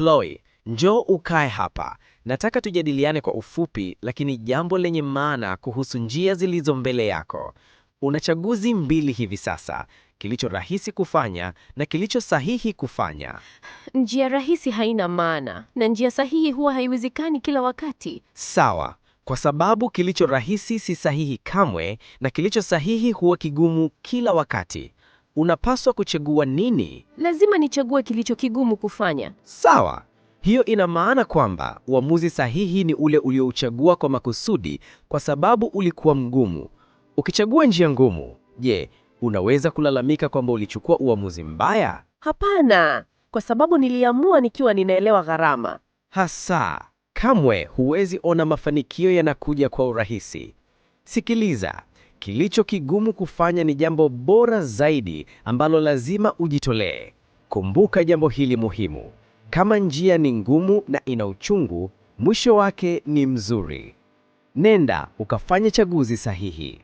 Chloe, njoo ukae hapa. Nataka tujadiliane kwa ufupi lakini jambo lenye maana kuhusu njia zilizo mbele yako. Una chaguzi mbili hivi sasa, kilicho rahisi kufanya na kilicho sahihi kufanya. Njia rahisi haina maana na njia sahihi huwa haiwezekani kila wakati. Sawa, kwa sababu kilicho rahisi si sahihi kamwe na kilicho sahihi huwa kigumu kila wakati unapaswa kuchagua nini? Lazima nichague kilicho kigumu kufanya. Sawa. Hiyo ina maana kwamba uamuzi sahihi ni ule uliouchagua kwa makusudi kwa sababu ulikuwa mgumu. Ukichagua njia ngumu, je, unaweza kulalamika kwamba ulichukua uamuzi mbaya? Hapana, kwa sababu niliamua nikiwa ninaelewa gharama. Hasa, kamwe huwezi ona mafanikio yanakuja kwa urahisi. Sikiliza, Kilicho kigumu kufanya ni jambo bora zaidi ambalo lazima ujitolee. Kumbuka jambo hili muhimu. Kama njia ni ngumu na ina uchungu, mwisho wake ni mzuri. Nenda ukafanye chaguzi sahihi.